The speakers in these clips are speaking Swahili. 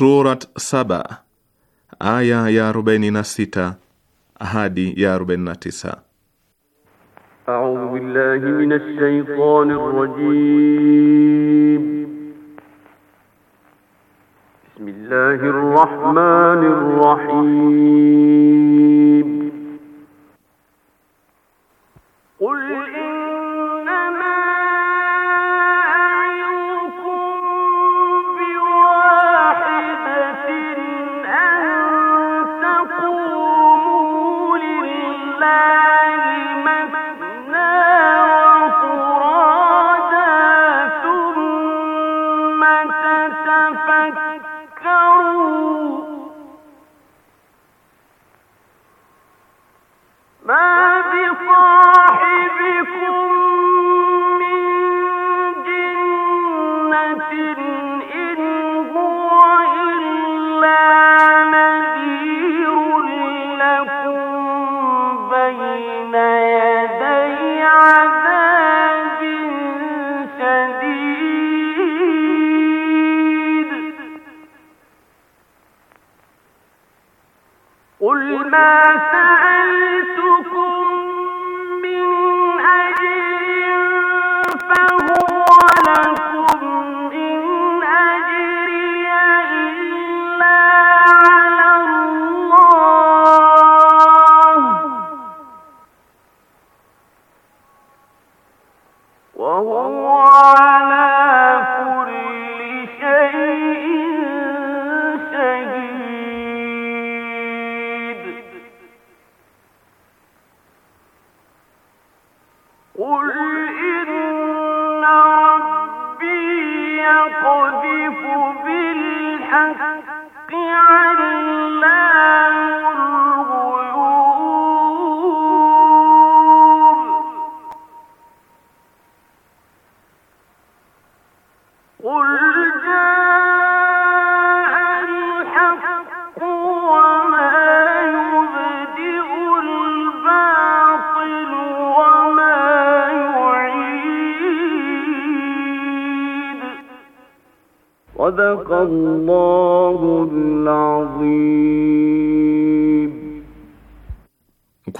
Surat saba aya ya arobaini na sita hadi ya arobaini na tisa. A'udhu billahi minash shaitani rajim. Bismillahir rahmanir rahim. Qul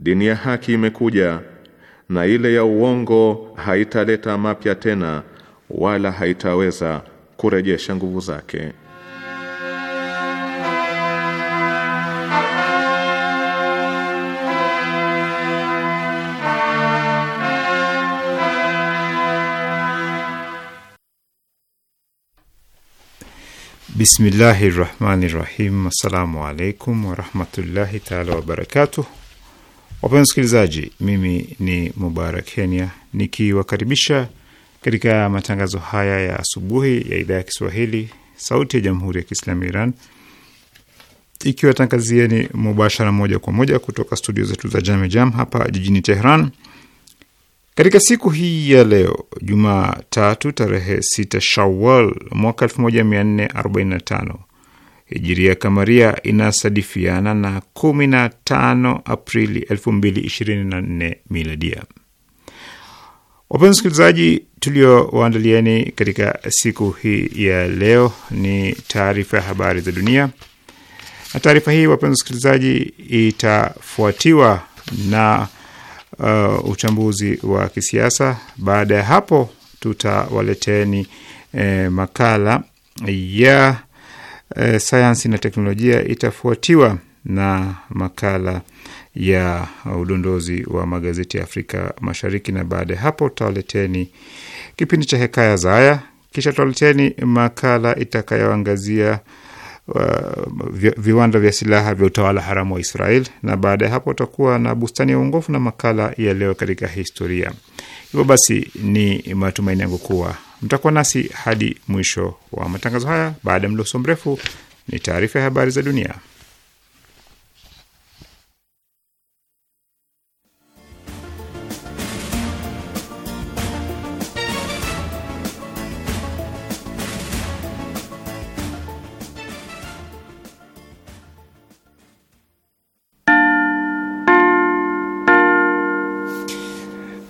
Dini ya haki imekuja na ile ya uongo haitaleta mapya tena wala haitaweza kurejesha nguvu zake. Bismillahi rahmani rahim. Assalamu alaikum warahmatullahi taala wabarakatuh. Wapenzi wasikilizaji, mimi ni Mubarak Kenya nikiwakaribisha katika matangazo haya ya asubuhi ya idhaa ya Kiswahili sauti ya jamhuri ya Kiislamu ya Iran ikiwatangazieni mubashara moja kwa moja kutoka studio zetu za Jame Jam hapa jijini Tehran katika siku hii ya leo Jumatatu tarehe 6 Shawal mwaka 1445 hijiria kamaria inasadifiana na 15 Aprili 2024 miladia. Wapenzi wasikilizaji, tuliowaandalieni katika siku hii ya leo ni taarifa ya habari za dunia, na taarifa hii wapenzi wasikilizaji, itafuatiwa na uh, uchambuzi wa kisiasa. Baada ya hapo, tutawaleteni eh, makala ya eh, sayansi na teknolojia itafuatiwa na makala ya udondozi wa magazeti ya Afrika Mashariki, na baada ya hapo tutawaleteni kipindi cha Hekaya za Aya, kisha tutawaleteni makala itakayoangazia uh, viwanda vya silaha vya utawala haramu wa Israel, na baada ya hapo utakuwa na bustani ya uongofu na makala ya leo katika historia. Hivyo basi, ni matumaini yangu kuwa Mtakuwa nasi hadi mwisho wa matangazo haya. Baada ya mdoso mrefu, ni taarifa ya habari za dunia.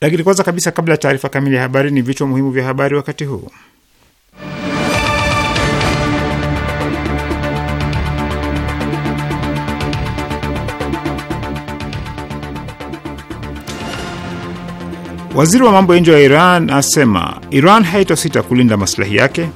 Lakini kwanza kabisa, kabla ya taarifa kamili ya habari, ni vichwa muhimu vya habari wakati huu. Waziri wa mambo ya nje wa Iran asema Iran haitosita kulinda maslahi yake.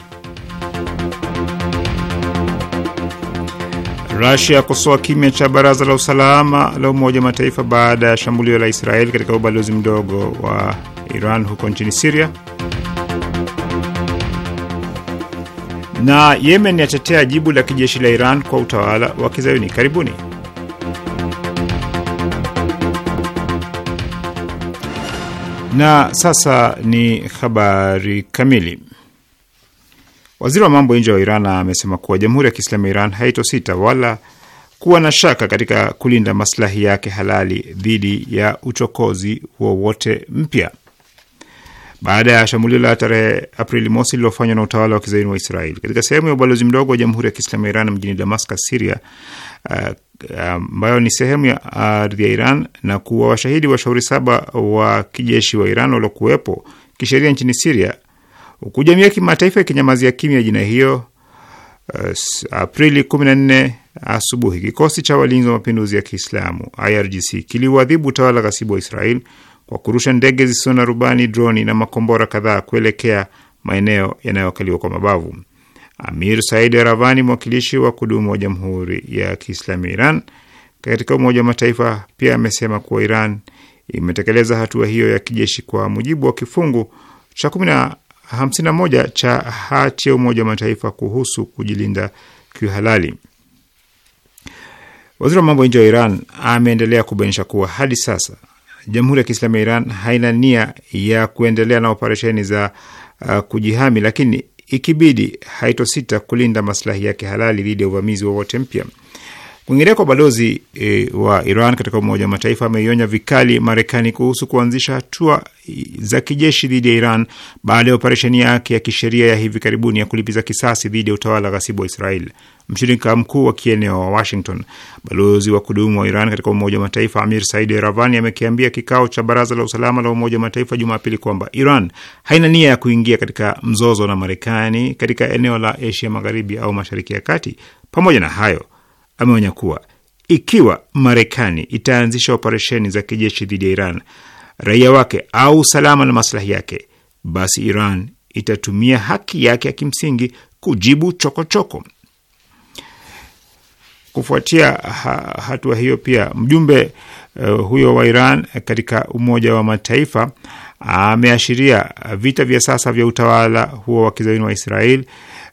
Rasia yakosoa kimya cha baraza la usalama la Umoja wa Mataifa baada ya shambulio la Israeli katika ubalozi mdogo wa Iran huko nchini Siria, na Yemen yatetea jibu la kijeshi la Iran kwa utawala wa Kizayuni. Karibuni. Na sasa ni habari kamili. Waziri wa mambo ya nje wa Iran amesema kuwa Jamhuri ya Kiislamu ya Iran haitosita wala kuwa na shaka katika kulinda maslahi yake halali dhidi ya uchokozi wowote mpya baada ya shambulio la tarehe Aprili mosi lililofanywa na utawala wa kizaini wa Israeli katika sehemu ya ubalozi mdogo wa Jamhuri ya Kiislamu ya Iran mjini Damascus, Siria, uh, ambayo uh, uh, ni sehemu ya ardhi ya Iran na kuwa washahidi washauri saba wa kijeshi wa Iran waliokuwepo kisheria nchini Siria huku jamii ya kimataifa ikinyamazia kimya jina hiyo. Uh, Aprili 14 asubuhi kikosi cha walinzi wa mapinduzi ya Kiislamu IRGC kiliuadhibu utawala ghasibu wa Israel kwa kurusha ndege zisizo na rubani, droni na makombora kadhaa kuelekea maeneo yanayokaliwa kwa mabavu. Amir Said ravani mwakilishi wa kudumu wa Jamhuri ya Kiislamu ya Iran katika Umoja wa Mataifa, pia amesema kuwa Iran imetekeleza hatua hiyo ya kijeshi kwa mujibu wa kifungu cha kumi na 51 cha hati ya Umoja wa Mataifa kuhusu kujilinda kihalali Waziri wa mambo ya nje wa Iran ameendelea kubainisha kuwa hadi sasa Jamhuri ya Kiislamu ya Iran haina nia ya kuendelea na operesheni za uh, kujihami, lakini ikibidi haitosita kulinda maslahi yake halali dhidi ya uvamizi wowote mpya kwa balozi e, wa Iran katika Umoja wa Mataifa ameionya vikali Marekani kuhusu kuanzisha hatua za kijeshi dhidi ya Iran baada ya operesheni yake ya kisheria ya hivi karibuni ya kulipiza kisasi dhidi ya utawala ghasibu wa Israel, mshirika mkuu wa kieneo wa Washington. Balozi wa kudumu wa Iran katika Umoja wa Mataifa Amir Said Ravani amekiambia kikao cha Baraza la Usalama la Umoja wa Mataifa Jumapili kwamba Iran haina nia ya kuingia katika mzozo na Marekani katika eneo la Asia Magharibi au Mashariki ya Kati. Pamoja na hayo ameonya kuwa ikiwa Marekani itaanzisha operesheni za kijeshi dhidi ya Iran, raia wake au usalama na maslahi yake, basi Iran itatumia haki yake ya kimsingi kujibu chokochoko choko. Kufuatia ha, hatua hiyo pia mjumbe uh, huyo wa Iran katika Umoja wa Mataifa ameashiria vita vya sasa vya utawala huo wa kizayuni wa Israeli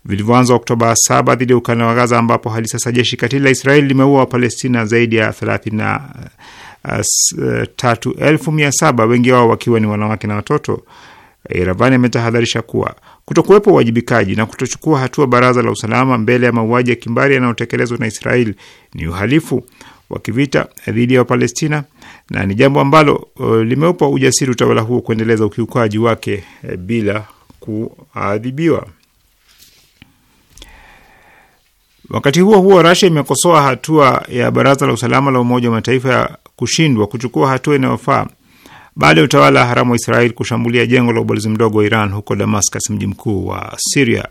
vilivyoanza Oktoba 7 dhidi ya ukanda wa Gaza, ambapo hadi sasa jeshi katili la Israeli limeua Wapalestina zaidi ya thelathini na uh, uh, wengi wao wakiwa ni wanawake na watoto. Iravani eh, ametahadharisha kuwa kutokuwepo uwajibikaji na kutochukua hatua baraza la usalama mbele ya mauaji ya kimbari yanayotekelezwa na Israeli ni uhalifu wa kivita eh, dhidi ya Wapalestina na ni jambo ambalo eh, limeupa ujasiri utawala huo kuendeleza ukiukaji wake bila kuadhibiwa. Wakati huo huo, Rasia imekosoa hatua ya baraza la usalama la Umoja wa Mataifa ya kushindwa kuchukua hatua inayofaa baada ya utawala haramu wa Israeli kushambulia jengo la ubalozi mdogo wa Iran huko Damascus, mji mkuu wa Siria.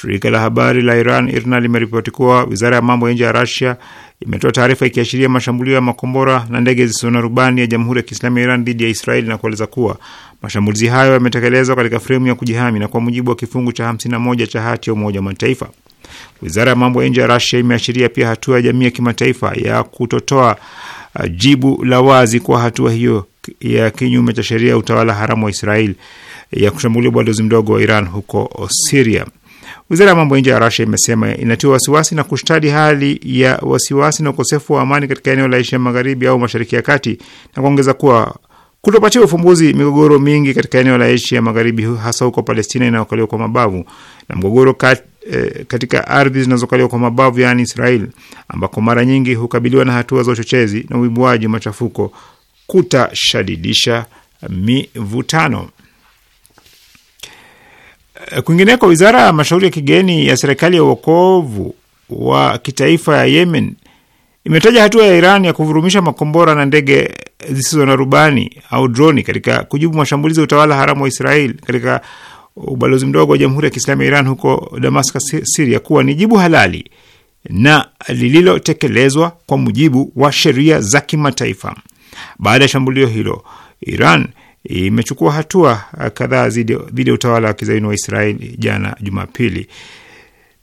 Shirika la habari la Iran IRNA limeripoti kuwa wizara ya mambo ya nje ya Rasia imetoa taarifa ikiashiria mashambulio ya makombora na ndege zisizo na rubani ya Jamhuri ya Kiislamu ya Iran dhidi ya Israeli na kueleza kuwa mashambulizi hayo yametekelezwa katika fremu ya kujihami na kwa mujibu wa kifungu cha 51 cha hati ya Umoja wa Mataifa. Wizara ya mambo ya nje ya Rasia imeashiria pia hatua ya jamii ya kimataifa ya kutotoa uh, jibu la wazi kwa hatua hiyo ya kinyume cha sheria ya utawala haramu wa Israeli ya kushambulia ubalozi mdogo wa Iran huko Siria. Wizara ya mambo nje ya Rasia imesema inatiwa wasiwasi na kushtadi hali ya wasiwasi na ukosefu wa amani katika eneo la Asia Magharibi au Mashariki ya Kati na kuongeza kuwa kutopatia ufumbuzi migogoro mingi katika eneo la Asia Magharibi, hasa huko Palestina inayokaliwa kwa mabavu na mgogoro kat, eh, katika ardhi zinazokaliwa kwa mabavu yaani Israel, ambako mara nyingi hukabiliwa na hatua za uchochezi na uibuaji machafuko kutashadidisha mivutano. Eh, kwingineko, wizara ya mashauri ya kigeni ya serikali ya uokovu wa kitaifa ya Yemen imetaja hatua ya Iran ya kuvurumisha makombora na ndege zisizo na rubani au droni katika kujibu mashambulizi ya utawala haramu wa Israel katika ubalozi mdogo wa Jamhuri ya Kiislamu ya Iran huko Damascus, Syria kuwa ni jibu halali na lililotekelezwa kwa mujibu wa sheria za kimataifa. Baada ya shambulio hilo, Iran imechukua hatua uh, kadhaa dhidi ya utawala wa kizayuni wa Israeli jana Jumapili.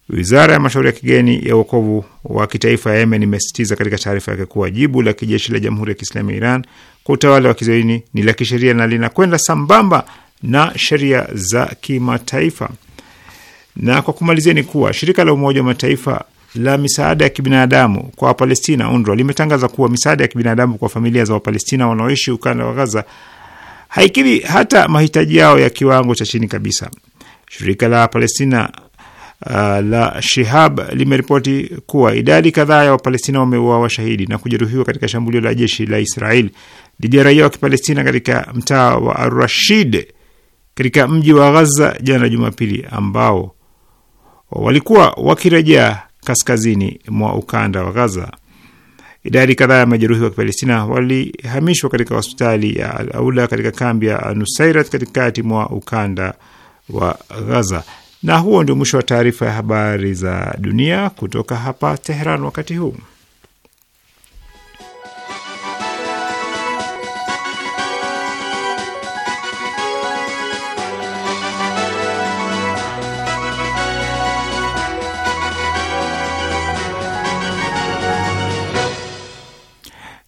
Wizara ya mashauri ya kigeni ya uokovu wa kitaifa ya Yemen imesisitiza katika taarifa yake kuwa jibu la kijeshi la Jamhuri ya Kiislamu ya Iran kwa utawala wa kizayuni ni la kisheria na linakwenda sambamba na sheria za kimataifa. Na kwa kumalizia ni kuwa shirika la Umoja wa Mataifa la misaada ya kibinadamu kwa Wapalestina, UNRWA, limetangaza kuwa misaada ya kibinadamu kwa familia za Wapalestina wanaoishi ukanda wa Gaza haikidhi hata mahitaji yao ya kiwango cha chini kabisa. Shirika la Palestina uh, la Shihab limeripoti kuwa idadi kadhaa ya Wapalestina wameuawa washahidi na kujeruhiwa katika shambulio la jeshi la Israel dhidi ya raia wa Kipalestina katika mtaa wa Arrashid katika mji wa Ghaza jana Jumapili, ambao walikuwa wakirejea kaskazini mwa ukanda wa Ghaza. Idadi kadhaa ya majeruhi wa Kipalestina walihamishwa katika hospitali ya Al Aula katika kambi ya Nusairat katikati mwa ukanda wa Ghaza. Na huo ndio mwisho wa taarifa ya habari za dunia kutoka hapa Teheran wakati huu.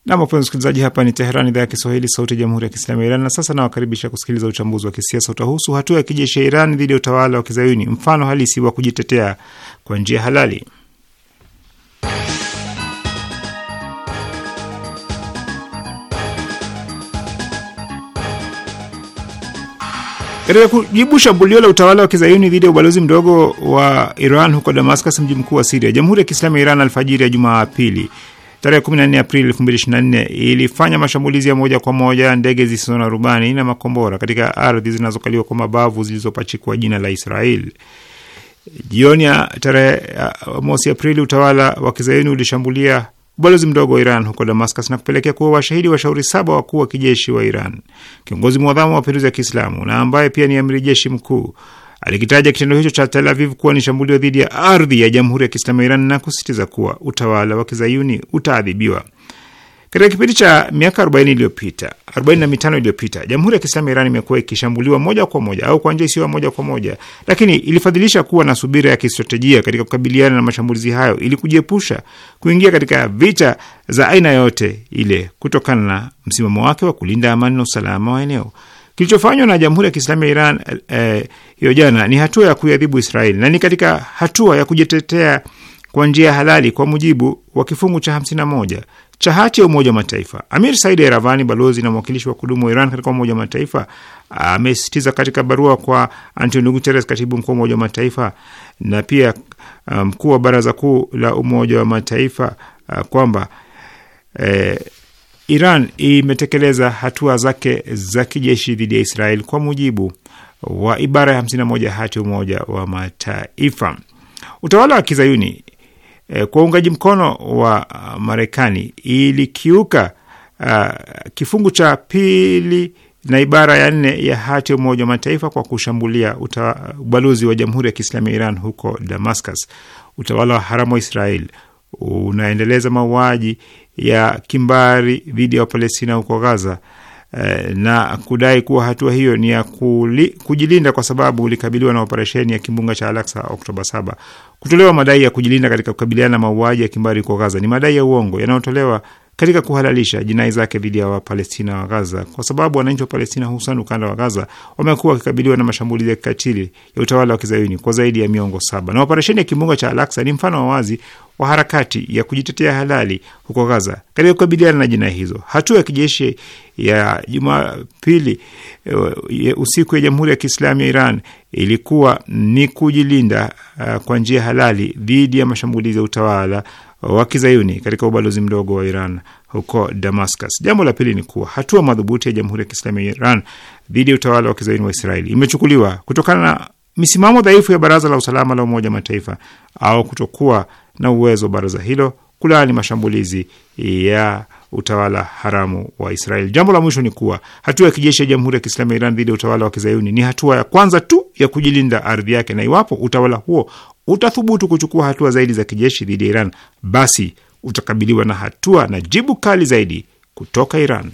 Nam, wapenzi msikilizaji, hapa ni teheran idhaa ya Kiswahili, sauti ya jamhuri ya kiislamu ya Iran. Na sasa nawakaribisha kusikiliza uchambuzi wa kisiasa. Utahusu hatua ya kijeshi ya Iran dhidi ya utawala wa kizayuni, mfano halisi wa kujitetea kwa njia halali. Katika kujibu shambulio la utawala wa kizayuni dhidi ya ubalozi mdogo wa Iran huko Damascus, mji mkuu wa Siria, jamhuri ya kiislamu ya Iran alfajiri ya Jumapili tarehe 14 Aprili 2024 ilifanya mashambulizi ya moja kwa moja ya ndege zisizo na rubani na makombora katika ardhi zinazokaliwa kwa mabavu zilizopachikwa jina la israel Jioni ya tarehe uh, mosi Aprili, utawala wa kizayuni ulishambulia ubalozi mdogo wa Iran huko Damascus na kupelekea kuwa washahidi washauri saba wakuu wa kijeshi wa Iran. Kiongozi mwadhamu wa mapinduzi ya Kiislamu na ambaye pia ni amiri jeshi mkuu alikitaja kitendo hicho cha Tel Aviv kuwa ni shambulio dhidi ya ardhi ya Jamhuri ya Kiislamu ya Iran na kusisitiza kuwa utawala wa kizayuni utaadhibiwa. Katika kipindi cha miaka 40 iliyopita, 45 iliyopita, Jamhuri ya Kiislamu ya Iran imekuwa ikishambuliwa moja kwa moja au kwa njia isiyo moja kwa moja, lakini ilifadhilisha kuwa na subira ya kistratejia katika kukabiliana na mashambulizi hayo ili kujiepusha kuingia katika vita za aina yote ile kutokana na msimamo wake wa kulinda amani na usalama wa eneo. Kilichofanywa na Jamhuri ya Kiislamu ya Iran eh, hiyo eh, jana ni hatua ya kuiadhibu Israeli na ni katika hatua ya kujitetea kwa njia halali kwa mujibu wa kifungu cha 51 cha hati ya Umoja wa Mataifa. Amir Said Eravani, balozi na mwakilishi wa kudumu wa Iran katika Umoja wa Mataifa, amesisitiza katika barua kwa Antonio Guterres, katibu mkuu wa Umoja wa Mataifa na pia uh, mkuu um, wa Baraza Kuu la Umoja wa Mataifa uh, kwamba eh, Iran imetekeleza hatua zake za kijeshi dhidi ya Israel kwa mujibu wa ibara ya 51 hati Umoja wa Mataifa. Utawala wa kizayuni eh, kwa uungaji mkono wa Marekani ilikiuka uh, kifungu cha pili na ibara ya nne ya hati ya Umoja wa Mataifa kwa kushambulia ubalozi wa Jamhuri ya Kiislamu ya Iran huko Damascus. Utawala wa haramu wa Israel unaendeleza mauaji ya kimbari dhidi ya Wapalestina huko Gaza eh, na kudai kuwa hatua hiyo ni ya kuli, kujilinda kwa sababu ulikabiliwa na operesheni ya kimbunga cha Alaksa Oktoba 7. Kutolewa madai ya kujilinda katika kukabiliana na mauaji ya kimbari huko Gaza ni madai ya uongo yanayotolewa katika kuhalalisha jinai zake dhidi ya Wapalestina wa Gaza, kwa sababu wananchi wa Palestina, hususan ukanda wa Gaza, wamekuwa wakikabiliwa na mashambulizi ya kikatili ya utawala wa kizayuni kwa zaidi ya miongo saba, na operesheni ya kimbunga cha Alaksa ni mfano wa wazi wa harakati ya kujitetea halali huko Gaza katika kukabiliana na jinai hizo. Hatua ya kijeshi ya Jumapili eh, usiku ya Jamhuri ya Kiislamu ya Iran ilikuwa ni kujilinda uh, kwa njia halali dhidi ya mashambulizi ya utawala wa kizayuni katika ubalozi mdogo wa Iran huko Damascus. Jambo la pili ni kuwa hatua madhubuti ya Jamhuri ya Kiislamu ya Iran dhidi ya utawala wa kizayuni wa Israeli imechukuliwa kutokana na misimamo dhaifu ya Baraza la Usalama la Umoja Mataifa au kutokuwa na uwezo wa baraza hilo kulaani mashambulizi ya utawala haramu wa Israeli. Jambo la mwisho ni kuwa hatua ya kijeshi ya Jamhuri ya Kiislamu ya Iran dhidi ya utawala wa kizayuni ni hatua ya kwanza tu ya kujilinda ardhi yake, na iwapo utawala huo utathubutu kuchukua hatua zaidi za kijeshi dhidi ya Iran, basi utakabiliwa na hatua na jibu kali zaidi kutoka Iran.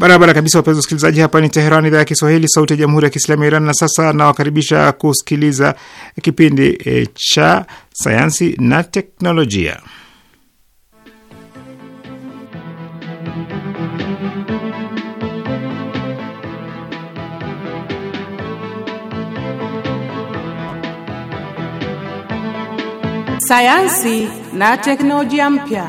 Barabara kabisa, wapenzi wasikilizaji, hapa ni Teheran, idhaa ya Kiswahili, sauti ya jamhuri ya kiislamu ya Iran. Na sasa nawakaribisha kusikiliza kipindi e, cha sayansi na teknolojia. Sayansi na teknolojia mpya.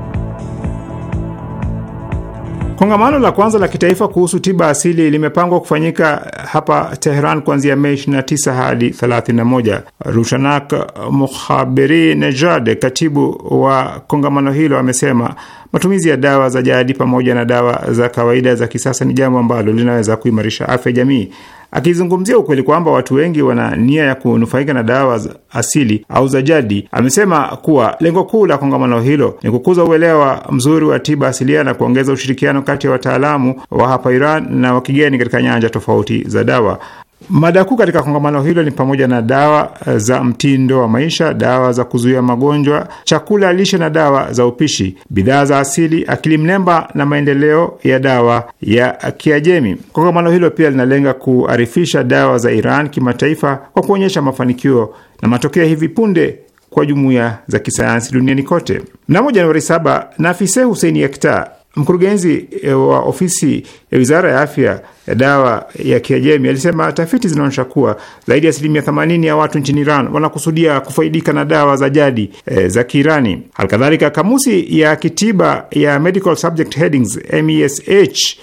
Kongamano la kwanza la kitaifa kuhusu tiba asili limepangwa kufanyika hapa teheran kuanzia Mei 29 hadi 31. Rushanak Mukhabiri Nejad, katibu wa kongamano hilo, amesema matumizi ya dawa za jadi pamoja na dawa za kawaida za kisasa ni jambo ambalo linaweza kuimarisha afya jamii. Akizungumzia ukweli kwamba watu wengi wana nia ya kunufaika na dawa asili au za jadi, amesema kuwa lengo kuu la kongamano hilo ni kukuza uelewa mzuri wa tiba asilia na kuongeza ushirikiano kati ya wataalamu wa hapa Iran na wa kigeni katika nyanja tofauti za dawa. Mada kuu katika kongamano hilo ni pamoja na dawa eh, za mtindo wa maisha, dawa za kuzuia magonjwa, chakula lishe na dawa za upishi, bidhaa za asili, akili mnemba na maendeleo ya dawa ya Kiajemi. Kongamano hilo pia linalenga kuarifisha dawa za Iran kimataifa kwa kuonyesha mafanikio na matokeo ya hivi punde kwa jumuiya za kisayansi duniani kote. Mnamo Januari 7 Nafise Huseini Yakta Mkurugenzi eh, wa ofisi ya wizara ya afya ya dawa ya Kiajemi alisema tafiti zinaonyesha kuwa zaidi ya asilimia 80 ya watu nchini Iran wanakusudia kufaidika na dawa za jadi e, za Kiirani. Halikadhalika, kamusi ya kitiba ya Medical Subject Headings mesh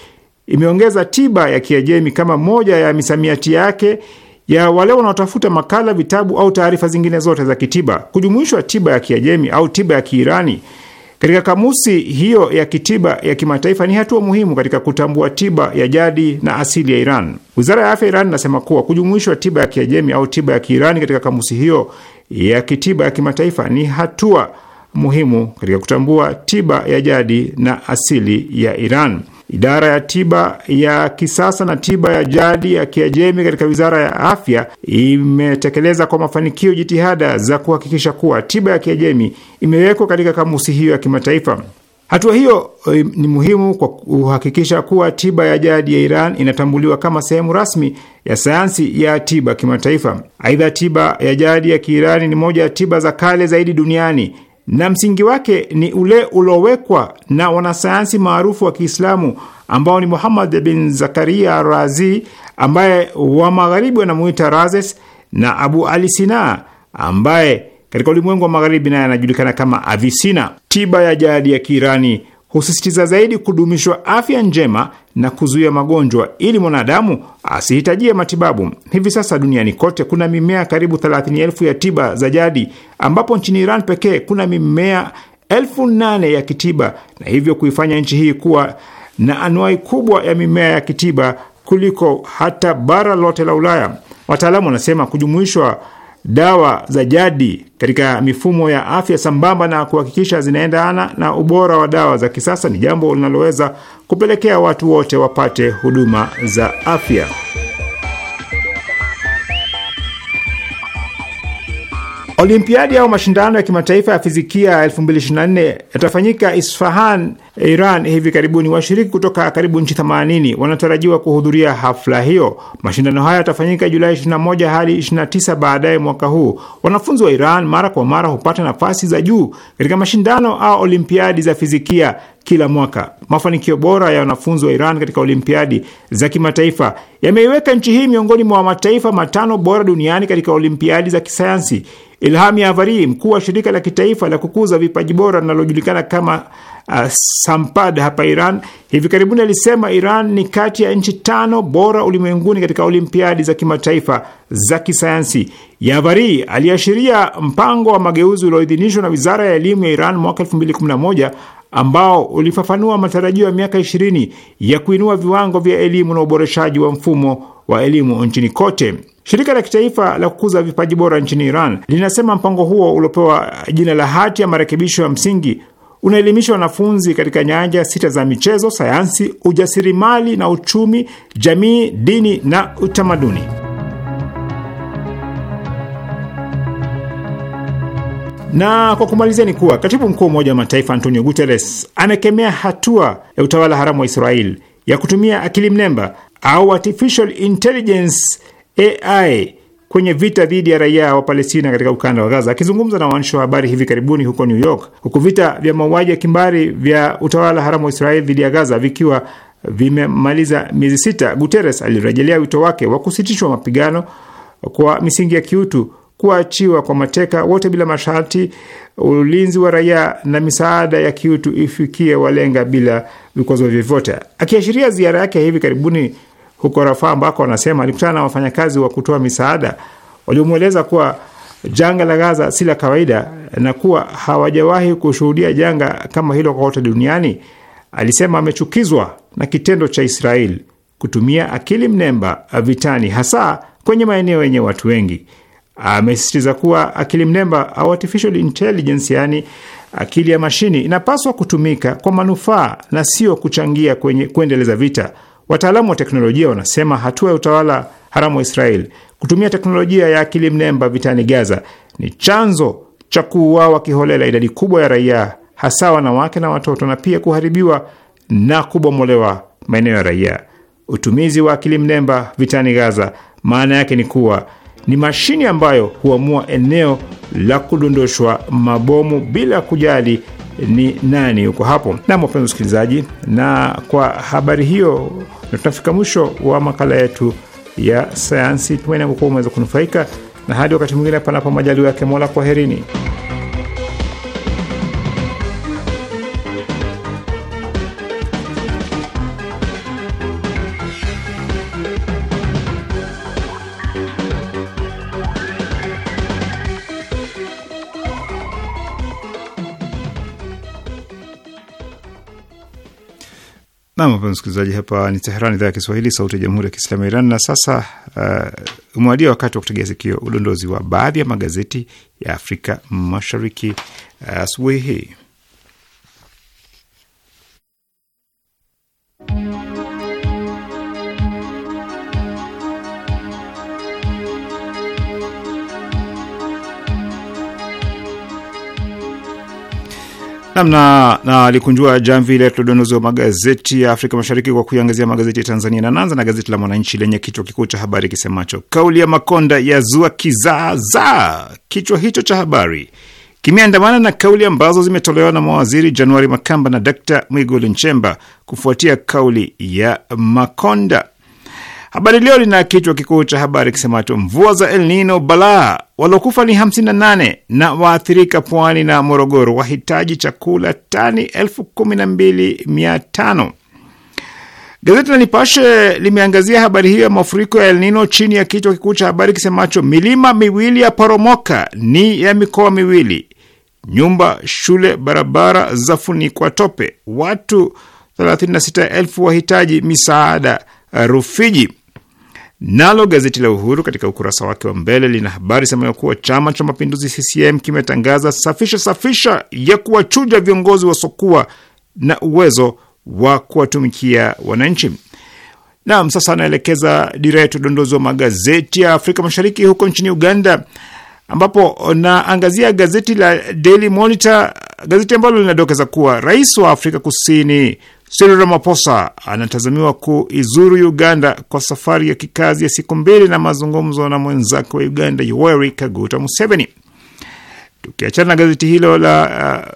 imeongeza tiba ya Kiajemi kama moja ya misamiati yake ya wale wanaotafuta makala, vitabu au taarifa zingine zote za kitiba. Kujumuishwa tiba ya Kiajemi au tiba ya Kiirani katika kamusi hiyo ya kitiba ya kimataifa ni hatua muhimu katika kutambua tiba ya jadi na asili ya Iran. Wizara ya afya Iran inasema kuwa kujumuishwa tiba ya Kiajemi au tiba ya Kiirani katika kamusi hiyo ya kitiba ya kimataifa ni hatua muhimu katika kutambua tiba ya jadi na asili ya Iran. Idara ya tiba ya kisasa na tiba ya jadi ya Kiajemi katika wizara ya afya imetekeleza kwa mafanikio jitihada za kuhakikisha kuwa tiba ya Kiajemi imewekwa katika kamusi hiyo ya kimataifa. Hatua hiyo eh, ni muhimu kwa kuhakikisha kuwa tiba ya jadi ya Iran inatambuliwa kama sehemu rasmi ya sayansi ya tiba kimataifa. Aidha, tiba ya jadi ya Kiirani ni moja ya tiba za kale zaidi duniani na msingi wake ni ule uliowekwa na wanasayansi maarufu wa Kiislamu ambao ni Muhammad bin Zakaria Razi ambaye wa magharibi wanamuita Razes na Abu Ali Sina ambaye katika ulimwengu wa magharibi naye anajulikana kama Avisina. Tiba ya jadi ya Kiirani husisitiza zaidi kudumishwa afya njema na kuzuia magonjwa ili mwanadamu asihitajie matibabu. Hivi sasa duniani kote kuna mimea karibu thelathini elfu ya tiba za jadi, ambapo nchini Iran pekee kuna mimea elfu nane ya kitiba na hivyo kuifanya nchi hii kuwa na anuai kubwa ya mimea ya kitiba kuliko hata bara lote la Ulaya. Wataalamu wanasema kujumuishwa dawa za jadi katika mifumo ya afya sambamba na kuhakikisha zinaendana na ubora wa dawa za kisasa ni jambo linaloweza kupelekea watu wote wapate huduma za afya. Olimpiadi au mashindano ya kimataifa ya fizikia 2024 yatafanyika Isfahan, Iran hivi karibuni. Washiriki kutoka karibu nchi 80 wanatarajiwa kuhudhuria hafla hiyo. Mashindano haya yatafanyika Julai 21 hadi 29 baadaye mwaka huu. Wanafunzi wa Iran mara kwa mara hupata nafasi za juu katika mashindano au olimpiadi za fizikia kila mwaka. Mafanikio bora ya wanafunzi wa Iran katika olimpiadi za kimataifa yameiweka nchi hii miongoni mwa mataifa matano bora duniani katika olimpiadi za kisayansi. Ilhami Avari, mkuu wa shirika la kitaifa la kukuza vipaji bora linalojulikana kama uh, Sampad hapa Iran, hivi karibuni alisema Iran ni kati ya nchi tano bora ulimwenguni katika olimpiadi za kimataifa za kisayansi. Yavari aliashiria mpango wa mageuzi ulioidhinishwa na wizara ya elimu ya Iran mwaka 2011 ambao ulifafanua matarajio ya miaka ishirini ya kuinua viwango vya elimu na uboreshaji wa mfumo wa elimu nchini kote. Shirika la kitaifa la kukuza vipaji bora nchini Iran linasema mpango huo uliopewa jina la hati ya marekebisho ya msingi unaelimisha wanafunzi katika nyanja sita za michezo, sayansi, mali na uchumi, jamii, dini na utamaduni. Na kwa kumalizia ni kuwa katibu mkuu wa Umoja wa Mataifa Antonio Guterres amekemea hatua ya utawala haramu wa Israel ya kutumia akili mnemba au artificial intelligence AI kwenye vita dhidi ya raia wa Palestina katika ukanda wa Gaza. Akizungumza na waandishi wa habari hivi karibuni huko New York, huku vita vya mauaji ya kimbari vya utawala haramu wa Israeli dhidi ya Gaza vikiwa vimemaliza miezi sita, Guterres alirejelea wito wake wa kusitishwa mapigano kwa misingi ya kiutu kuachiwa kwa mateka wote bila masharti, ulinzi wa raia na misaada ya kiutu ifikie walenga bila vikwazo vyovyote. Akiashiria ziara yake hivi karibuni huko Rafaa, ambako anasema alikutana na wafanyakazi wa kutoa misaada waliomweleza kuwa janga la Gaza si la kawaida na kuwa hawajawahi kushuhudia janga kama hilo kokote duniani. Alisema amechukizwa na kitendo cha Israeli kutumia akili mnemba vitani, hasa kwenye maeneo yenye watu wengi amesisitiza kuwa akili mnemba au artificial intelligence, yani akili ya mashini, inapaswa kutumika kwa manufaa na sio kuchangia kwenye kuendeleza vita. Wataalamu wa teknolojia wanasema hatua ya utawala haramu wa Israel kutumia teknolojia ya akili mnemba vitani Gaza ni chanzo cha kuuawa kiholela idadi kubwa ya raia, hasa wanawake na watoto, na pia kuharibiwa na kubomolewa maeneo ya raia. Utumizi wa akili mnemba vitani Gaza maana yake ni kuwa ni mashine ambayo huamua eneo la kudondoshwa mabomu bila kujali ni nani yuko hapo. Nam, wapenzi usikilizaji na kwa habari hiyo tunafika mwisho wa makala yetu ya sayansi. Tumaini yangu kuwa umeweza kunufaika, na hadi wakati mwingine, panapo majaliwa yake Mola, kwaherini. Nam, wapenzi msikilizaji, hapa ni Teheran, idhaa ya Kiswahili, sauti ya jamhuri ya kiislamu ya Iran. Na sasa uh, umewadia wakati wa kutegea sikio udondozi wa baadhi ya magazeti ya Afrika Mashariki uh, asubuhi uh, hii namna na alikunjua jamvi letu udondozi wa magazeti ya Afrika Mashariki kwa kuiangazia magazeti ya Tanzania na naanza na gazeti la Mwananchi lenye kichwa kikuu cha habari kisemacho kauli ya Makonda ya zua kizaazaa. Kichwa hicho cha habari kimeandamana na kauli ambazo zimetolewa na mawaziri Januari Makamba na Dkt Mwigulu Nchemba kufuatia kauli ya Makonda. Habari Leo lina kichwa kikuu cha habari kisemacho mvua za El Nino balaa, waliokufa ni 58 na waathirika Pwani na Morogoro wahitaji chakula tani 12500. Gazeti la Nipashe limeangazia habari hiyo ya mafuriko ya El Nino chini ya kichwa kikuu cha habari kisemacho milima miwili ya poromoka, ni ya mikoa miwili, nyumba, shule, barabara zafunikwa tope, watu 36,000 wahitaji misaada Rufiji. Nalo gazeti la Uhuru katika ukurasa wake wa mbele lina habari semayo kuwa chama cha mapinduzi CCM kimetangaza safisha safisha ya kuwachuja viongozi wasokuwa na uwezo wa kuwatumikia wananchi. Naam, sasa anaelekeza dira yetu wa magazeti ya Afrika Mashariki, huko nchini Uganda, ambapo naangazia gazeti la Daily Monitor, gazeti ambalo linadokeza kuwa rais wa Afrika Kusini Cyril Ramaphosa anatazamiwa kuizuru Uganda kwa safari ya kikazi ya siku mbili na mazungumzo na mwenzake wa Uganda Yoweri Kaguta Museveni. Tukiachana na gazeti hilo la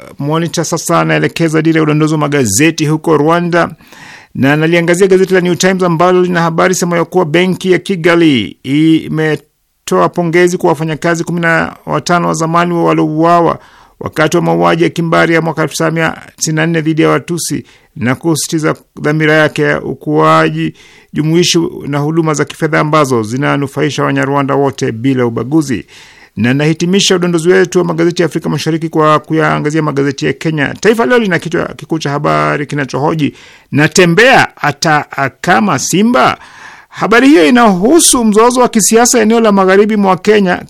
uh, Monitor, sasa anaelekeza dira ya udondozi wa magazeti huko Rwanda na naliangazia gazeti la New Times ambalo lina habari semayo kuwa benki ya Kigali imetoa pongezi kwa wafanyakazi kumi na watano wa zamani wa waliouawa wakati wa mauaji ya kimbari ya mwaka 1994 dhidi ya Watusi na kusisitiza dhamira yake ya ukuaji jumuishi na huduma za kifedha ambazo zinanufaisha Wanyarwanda wote bila ubaguzi. Na nahitimisha udondozi wetu wa magazeti ya Afrika Mashariki kwa kuyaangazia magazeti ya Kenya. Taifa Leo lina kichwa kikuu cha habari kinachohoji natembea hata kama simba. Habari hiyo inahusu mzozo wa kisiasa eneo la magharibi mwa Kenya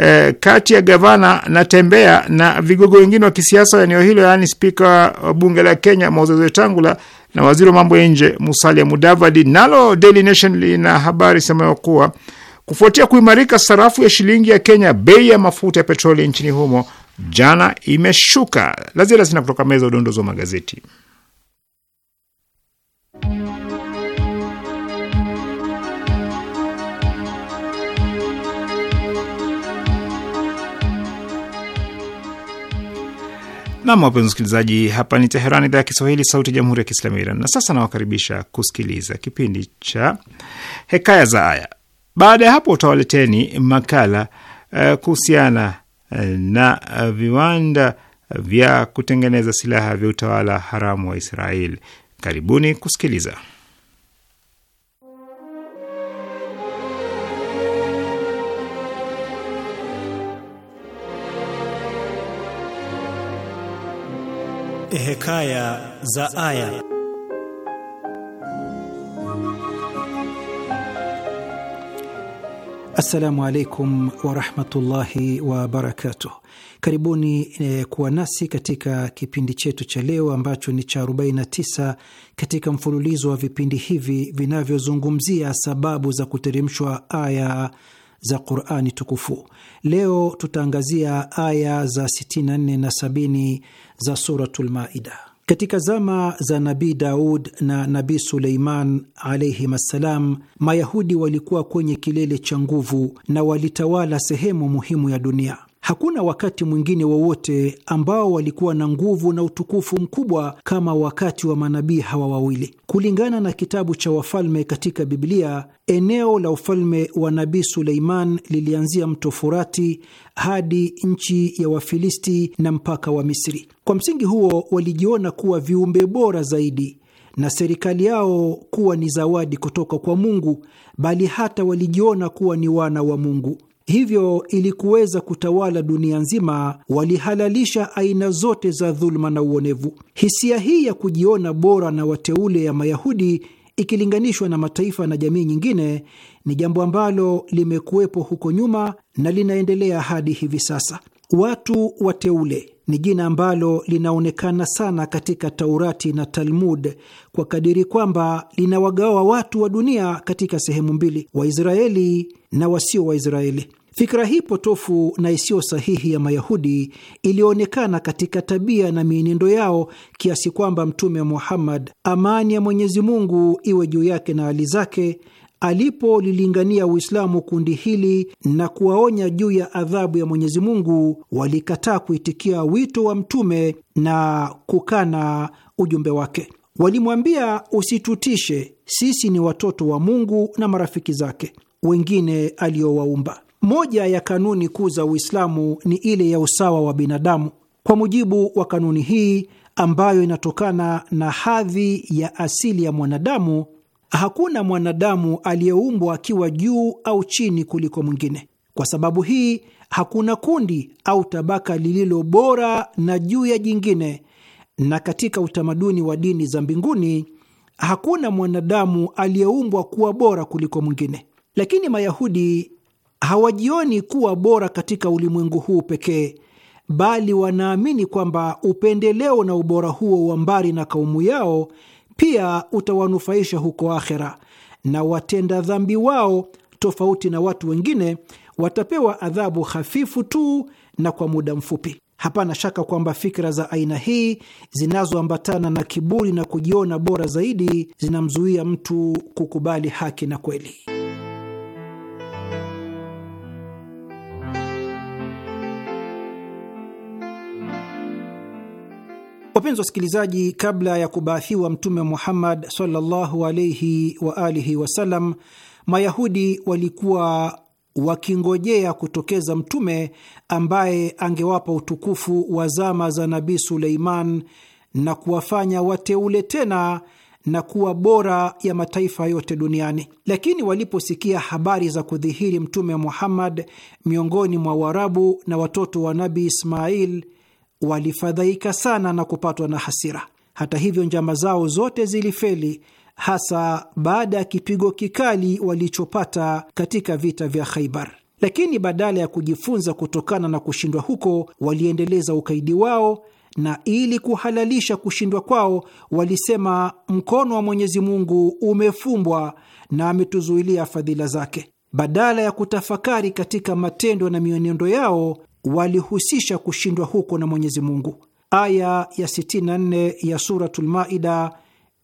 Eh, kati ya gavana na tembea na vigogo wengine wa kisiasa wa eneo hilo, yaani spika wa bunge la Kenya Moses Wetangula na waziri wa mambo ya nje Musalia Mudavadi. Nalo Daily Nation lina habari semayo kuwa kufuatia kuimarika sarafu ya shilingi ya Kenya, bei ya mafuta ya petroli nchini humo jana imeshuka. La ziada sina kutoka meza udondozi wa magazeti. Nam, wapenzi msikilizaji, hapa ni teheran idhaa ya Kiswahili, sauti ya jamhuri ya kiislamu Iran. Na sasa nawakaribisha kusikiliza kipindi cha Hekaya za Aya. Baada ya hapo, utawaleteni makala uh, kuhusiana uh, na uh, viwanda vya kutengeneza silaha vya utawala haramu wa Israeli. Karibuni kusikiliza. Eh, Hekaya za Aya. Assalamu alaikum warahmatullahi wabarakatuh. Karibuni eh, kuwa nasi katika kipindi chetu cha leo ambacho ni cha 49 katika mfululizo wa vipindi hivi vinavyozungumzia sababu za kuteremshwa aya za Qurani tukufu. Leo tutaangazia aya za 64 na 70 za Suratul Maida. Katika zama za Nabii Daud na Nabii Suleiman alayhim assalam, Mayahudi walikuwa kwenye kilele cha nguvu na walitawala sehemu muhimu ya dunia. Hakuna wakati mwingine wowote ambao walikuwa na nguvu na utukufu mkubwa kama wakati wa manabii hawa wawili. Kulingana na kitabu cha Wafalme katika Biblia, eneo la ufalme wa Nabii Suleiman lilianzia mto Furati hadi nchi ya Wafilisti na mpaka wa Misri. Kwa msingi huo, walijiona kuwa viumbe bora zaidi na serikali yao kuwa ni zawadi kutoka kwa Mungu, bali hata walijiona kuwa ni wana wa Mungu hivyo ili kuweza kutawala dunia nzima walihalalisha aina zote za dhuluma na uonevu. Hisia hii ya kujiona bora na wateule ya Mayahudi ikilinganishwa na mataifa na jamii nyingine ni jambo ambalo limekuwepo huko nyuma na linaendelea hadi hivi sasa. Watu wateule ni jina ambalo linaonekana sana katika Taurati na Talmud kwa kadiri kwamba linawagawa watu wa dunia katika sehemu mbili, Waisraeli na wasio Waisraeli. Fikra hii potofu na isiyo sahihi ya Mayahudi ilionekana katika tabia na mienendo yao kiasi kwamba Mtume Muhammad, amani ya Mwenyezi Mungu iwe juu yake na hali zake, alipolilingania Uislamu kundi hili na kuwaonya juu ya adhabu ya Mwenyezi Mungu, walikataa kuitikia wito wa mtume na kukana ujumbe wake. Walimwambia, usitutishe, sisi ni watoto wa Mungu na marafiki zake wengine aliowaumba. Moja ya kanuni kuu za Uislamu ni ile ya usawa wa binadamu. Kwa mujibu wa kanuni hii ambayo inatokana na hadhi ya asili ya mwanadamu, Hakuna mwanadamu aliyeumbwa akiwa juu au chini kuliko mwingine. Kwa sababu hii, hakuna kundi au tabaka lililo bora na juu ya jingine, na katika utamaduni wa dini za mbinguni hakuna mwanadamu aliyeumbwa kuwa bora kuliko mwingine. Lakini Mayahudi hawajioni kuwa bora katika ulimwengu huu pekee, bali wanaamini kwamba upendeleo na ubora huo wa mbari na kaumu yao pia utawanufaisha huko akhera, na watenda dhambi wao, tofauti na watu wengine, watapewa adhabu hafifu tu na kwa muda mfupi. Hapana shaka kwamba fikra za aina hii zinazoambatana na kiburi na kujiona bora zaidi zinamzuia mtu kukubali haki na kweli. Wapenzi wasikilizaji, kabla ya kubaathiwa Mtume Muhammad sallallahu alaihi wa alihi wasallam, Mayahudi walikuwa wakingojea kutokeza mtume ambaye angewapa utukufu wa zama za Nabii Suleiman na kuwafanya wateule tena na kuwa bora ya mataifa yote duniani. Lakini waliposikia habari za kudhihiri Mtume Muhammad miongoni mwa Waarabu na watoto wa nabi Ismail walifadhaika sana na kupatwa na hasira. Hata hivyo, njama zao zote zilifeli, hasa baada ya kipigo kikali walichopata katika vita vya Khaibar. Lakini badala ya kujifunza kutokana na kushindwa huko, waliendeleza ukaidi wao na ili kuhalalisha kushindwa kwao walisema, mkono wa Mwenyezi Mungu umefumbwa na ametuzuilia fadhila zake. Badala ya kutafakari katika matendo na mienendo yao, walihusisha kushindwa huko na Mwenyezi Mungu. Aya ya 64 ya Suratul Maida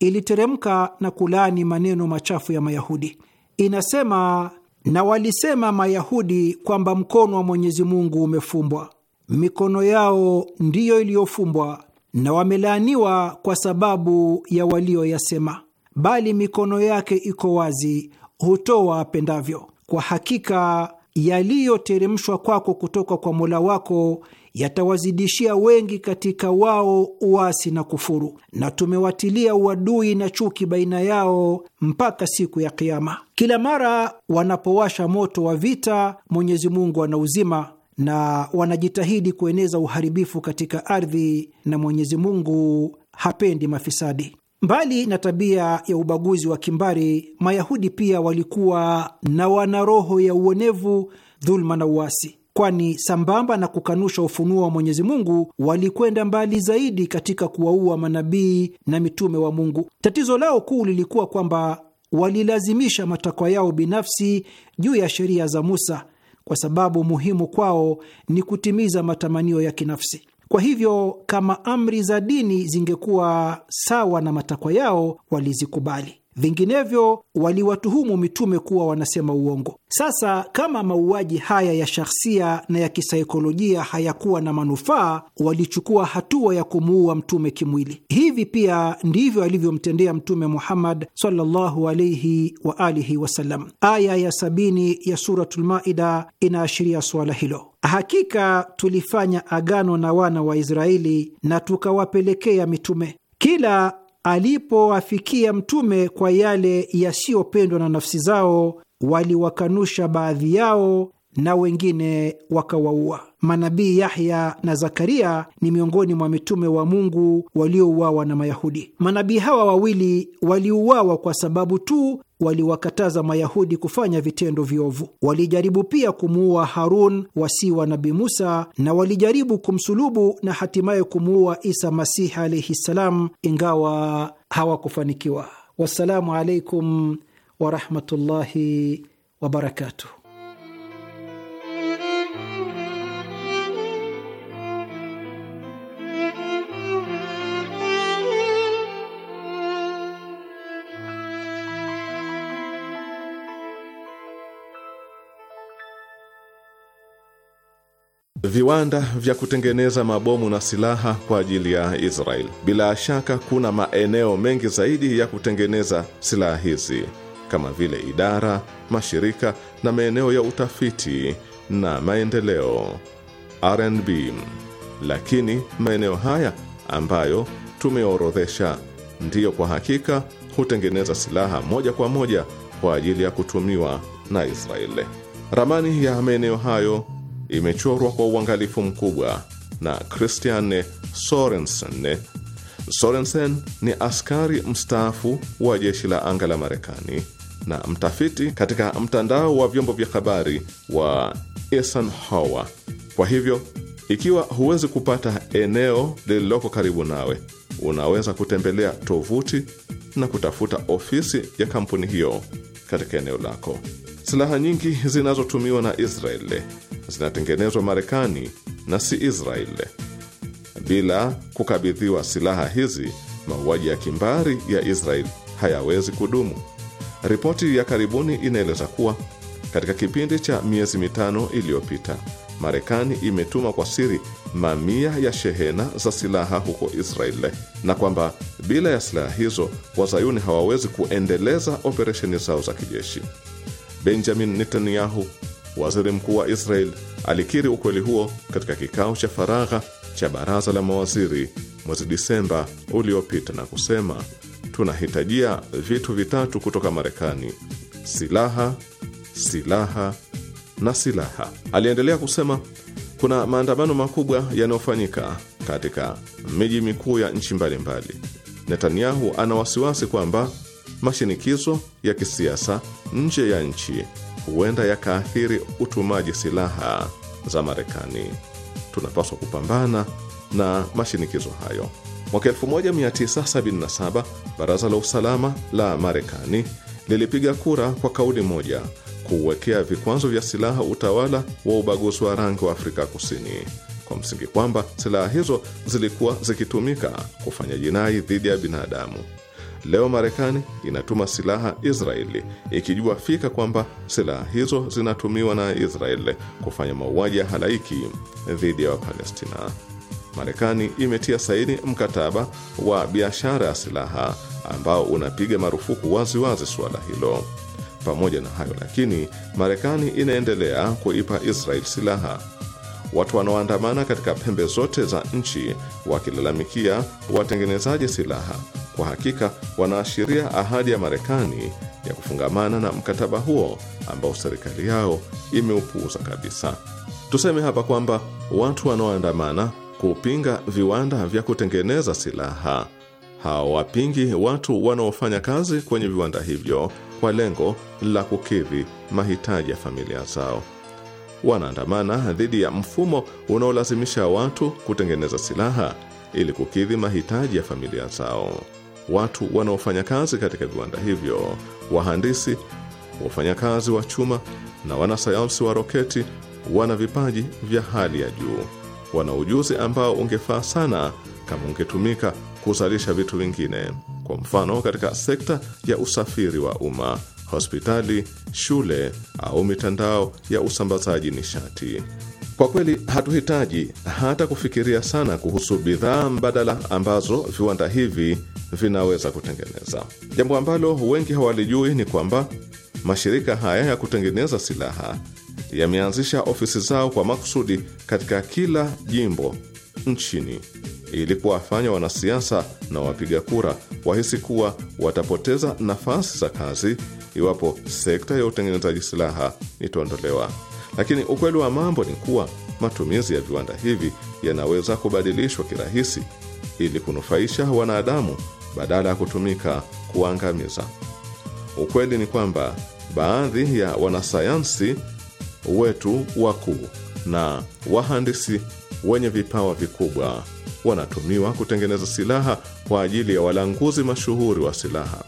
iliteremka na kulaani maneno machafu ya Mayahudi. Inasema, na walisema Mayahudi kwamba mkono wa Mwenyezi Mungu umefumbwa. Mikono yao ndiyo iliyofumbwa, na wamelaaniwa kwa sababu ya walioyasema, bali mikono yake iko wazi, hutoa apendavyo. Kwa hakika yaliyoteremshwa kwako kutoka kwa Mola wako yatawazidishia wengi katika wao uasi na kufuru, na tumewatilia uadui na chuki baina yao mpaka siku ya Kiama. Kila mara wanapowasha moto wa vita, Mwenyezi Mungu anauzima na wanajitahidi kueneza uharibifu katika ardhi, na Mwenyezi Mungu hapendi mafisadi. Mbali na tabia ya ubaguzi wa kimbari, Mayahudi pia walikuwa na wana roho ya uonevu, dhuluma na uasi, kwani sambamba na kukanusha ufunuo wa Mwenyezi Mungu walikwenda mbali zaidi katika kuwaua manabii na mitume wa Mungu. Tatizo lao kuu lilikuwa kwamba walilazimisha matakwa yao binafsi juu ya sheria za Musa, kwa sababu muhimu kwao ni kutimiza matamanio ya kinafsi. Kwa hivyo kama amri za dini zingekuwa sawa na matakwa yao, walizikubali vinginevyo waliwatuhumu mitume kuwa wanasema uongo. Sasa kama mauaji haya ya shahsia na ya kisaikolojia hayakuwa na manufaa, walichukua hatua ya kumuua mtume kimwili. Hivi pia ndivyo alivyomtendea Mtume Muhammad sallallahu alaihi wa alihi wasallam. Aya ya sabini ya Suratul Maida inaashiria suala hilo. Hakika tulifanya agano na wana wa Israeli na tukawapelekea mitume, kila alipowafikia Mtume kwa yale yasiyopendwa na nafsi zao, waliwakanusha baadhi yao na wengine wakawaua. Manabii Yahya na Zakaria ni miongoni mwa mitume wa Mungu waliouawa na Mayahudi. Manabii hawa wawili waliuawa kwa sababu tu waliwakataza Mayahudi kufanya vitendo viovu. Walijaribu pia kumuua Harun wasii wa Nabii Musa, na walijaribu kumsulubu na hatimaye kumuua Isa Masihi alaihi ssalam, ingawa hawakufanikiwa. Wassalamu alaikum warahmatullahi wabarakatuh. viwanda vya kutengeneza mabomu na silaha kwa ajili ya Israel. Bila shaka kuna maeneo mengi zaidi ya kutengeneza silaha hizi kama vile idara, mashirika na maeneo ya utafiti na maendeleo rnb Lakini maeneo haya ambayo tumeorodhesha ndiyo kwa hakika hutengeneza silaha moja kwa moja kwa ajili ya kutumiwa na Israeli. Ramani ya maeneo hayo imechorwa kwa uangalifu mkubwa na Christian Sorensen. Sorensen ni askari mstaafu wa jeshi la anga la Marekani na mtafiti katika mtandao wa vyombo vya habari wa Eisenhower. Kwa hivyo, ikiwa huwezi kupata eneo lililoko karibu nawe, unaweza kutembelea tovuti na kutafuta ofisi ya kampuni hiyo katika eneo lako. Silaha nyingi zinazotumiwa na Israel zinatengenezwa Marekani na si Israel. Bila kukabidhiwa silaha hizi, mauaji ya kimbari ya Israel hayawezi kudumu. Ripoti ya karibuni inaeleza kuwa katika kipindi cha miezi mitano iliyopita, Marekani imetuma kwa siri mamia ya shehena za silaha huko Israel na kwamba bila ya silaha hizo wazayuni hawawezi kuendeleza operesheni zao za kijeshi. Benjamin Netanyahu, waziri mkuu wa Israel, alikiri ukweli huo katika kikao cha faragha cha baraza la mawaziri mwezi Disemba uliopita na kusema, tunahitajia vitu vitatu kutoka Marekani: silaha, silaha na silaha. Aliendelea kusema kuna maandamano makubwa yanayofanyika katika miji mikuu ya nchi mbalimbali. Netanyahu ana wasiwasi kwamba Mashinikizo ya kisiasa nje ya nchi huenda yakaathiri utumaji silaha za Marekani. Tunapaswa kupambana na mashinikizo hayo. Mwaka 1977 baraza la usalama la Marekani lilipiga kura kwa kauli moja kuuwekea vikwazo vya silaha utawala wa ubaguzi wa rangi wa Afrika Kusini kwa msingi kwamba silaha hizo zilikuwa zikitumika kufanya jinai dhidi ya binadamu. Leo Marekani inatuma silaha Israeli ikijua fika kwamba silaha hizo zinatumiwa na Israeli kufanya mauaji ya halaiki dhidi ya Wapalestina. Marekani imetia saini mkataba wa biashara ya silaha ambao unapiga marufuku waziwazi suala hilo. Pamoja na hayo lakini, Marekani inaendelea kuipa Israel silaha watu wanaoandamana katika pembe zote za nchi wakilalamikia watengenezaji silaha kwa hakika wanaashiria ahadi ya Marekani ya kufungamana na mkataba huo ambao serikali yao imeupuuza kabisa. Tuseme hapa kwamba watu wanaoandamana kupinga viwanda vya kutengeneza silaha hawapingi watu wanaofanya kazi kwenye viwanda hivyo kwa lengo la kukidhi mahitaji ya familia zao wanaandamana dhidi ya mfumo unaolazimisha watu kutengeneza silaha ili kukidhi mahitaji ya familia zao. Watu wanaofanya kazi katika viwanda hivyo, wahandisi, wafanyakazi wa chuma na wanasayansi wa roketi, wana vipaji vya hali ya juu. Wana ujuzi ambao ungefaa sana kama ungetumika kuzalisha vitu vingine, kwa mfano katika sekta ya usafiri wa umma hospitali, shule au mitandao ya usambazaji nishati. Kwa kweli hatuhitaji hata kufikiria sana kuhusu bidhaa mbadala ambazo viwanda hivi vinaweza kutengeneza. Jambo ambalo wengi hawalijui ni kwamba mashirika haya ya kutengeneza silaha yameanzisha ofisi zao kwa makusudi katika kila jimbo nchini ili kuwafanya wanasiasa na wapiga kura wahisi kuwa watapoteza nafasi za kazi iwapo sekta ya utengenezaji silaha itaondolewa. Lakini ukweli wa mambo ni kuwa matumizi ya viwanda hivi yanaweza kubadilishwa kirahisi ili kunufaisha wanadamu badala ya kutumika kuangamiza. Ukweli ni kwamba baadhi ya wanasayansi wetu wakuu na wahandisi wenye vipawa vikubwa wanatumiwa kutengeneza silaha kwa ajili ya walanguzi mashuhuri wa silaha,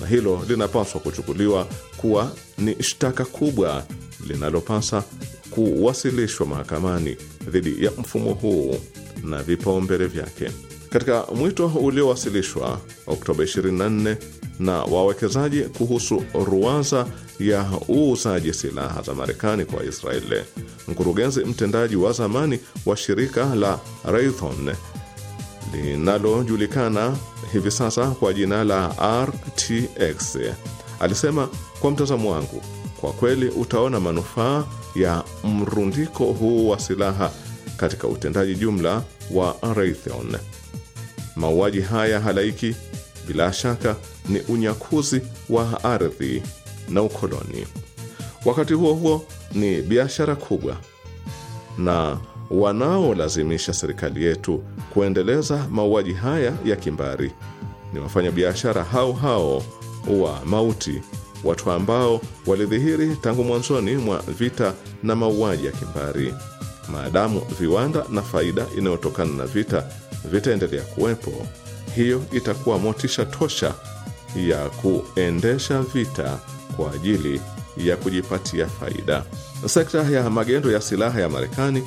na hilo linapaswa kuchukuliwa kuwa ni shtaka kubwa linalopasa kuwasilishwa mahakamani dhidi ya mfumo huu na vipaumbele vyake. Katika mwito uliowasilishwa Oktoba 24 na wawekezaji kuhusu ruwaza ya uuzaji silaha za Marekani kwa Israeli. Mkurugenzi mtendaji wa zamani wa shirika la Raytheon linalojulikana hivi sasa kwa jina la RTX alisema, kwa mtazamo wangu, kwa kweli utaona manufaa ya mrundiko huu wa silaha katika utendaji jumla wa Raytheon. Mauaji haya halaiki bila shaka ni unyakuzi wa ardhi na ukoloni. Wakati huo huo ni biashara kubwa, na wanaolazimisha serikali yetu kuendeleza mauaji haya ya kimbari ni wafanyabiashara hao hao wa mauti, watu ambao walidhihiri tangu mwanzoni mwa vita na mauaji ya kimbari. Maadamu viwanda na faida inayotokana na vita vitaendelea kuwepo hiyo itakuwa motisha tosha ya kuendesha vita kwa ajili ya kujipatia faida. Sekta ya magendo ya silaha ya Marekani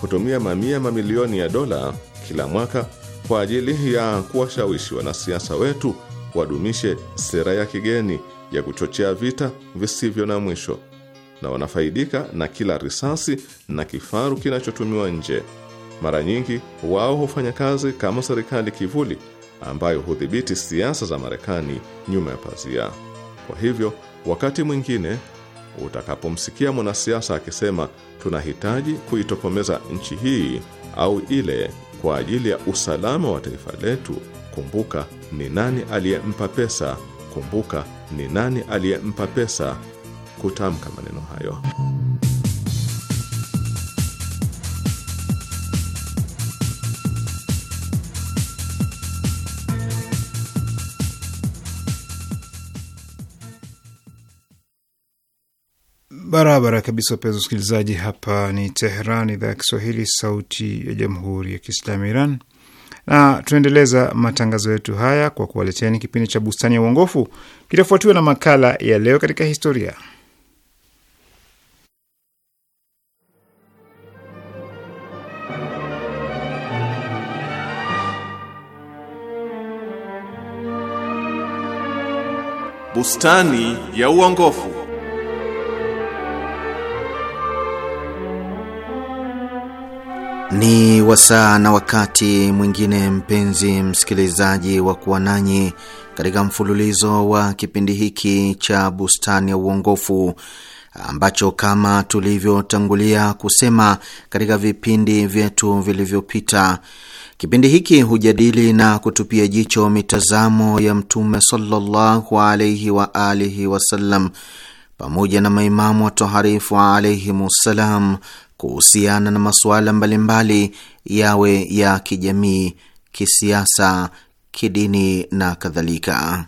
hutumia mamia mamilioni ya dola kila mwaka kwa ajili ya kuwashawishi wanasiasa wetu wadumishe sera ya kigeni ya kuchochea vita visivyo na mwisho, na wanafaidika na kila risasi na kifaru kinachotumiwa nje. Mara nyingi wao hufanya kazi kama serikali kivuli ambayo hudhibiti siasa za Marekani nyuma ya pazia. Kwa hivyo, wakati mwingine utakapomsikia mwanasiasa akisema tunahitaji kuitokomeza nchi hii au ile kwa ajili ya usalama wa taifa letu, kumbuka ni nani aliyempa pesa, kumbuka ni nani aliyempa pesa kutamka maneno hayo. Barabara kabisa, wapenzi wasikilizaji, hapa ni Teheran, idhaa ya Kiswahili, sauti ya jamhuri ya kiislamu Iran, na tunaendeleza matangazo yetu haya kwa kuwaleteni kipindi cha bustani ya uongofu, kitafuatiwa na makala ya leo katika historia. Bustani ya uongofu. Ni wasaa na wakati mwingine, mpenzi msikilizaji, wa kuwa nanyi katika mfululizo wa kipindi hiki cha Bustani ya Uongofu ambacho kama tulivyotangulia kusema katika vipindi vyetu vilivyopita, kipindi hiki hujadili na kutupia jicho mitazamo ya Mtume sallallahu alaihi wa alihi wasallam pamoja na maimamu watoharifu alaihimssalam kuhusiana na masuala mbalimbali yawe ya kijamii, kisiasa, kidini na kadhalika.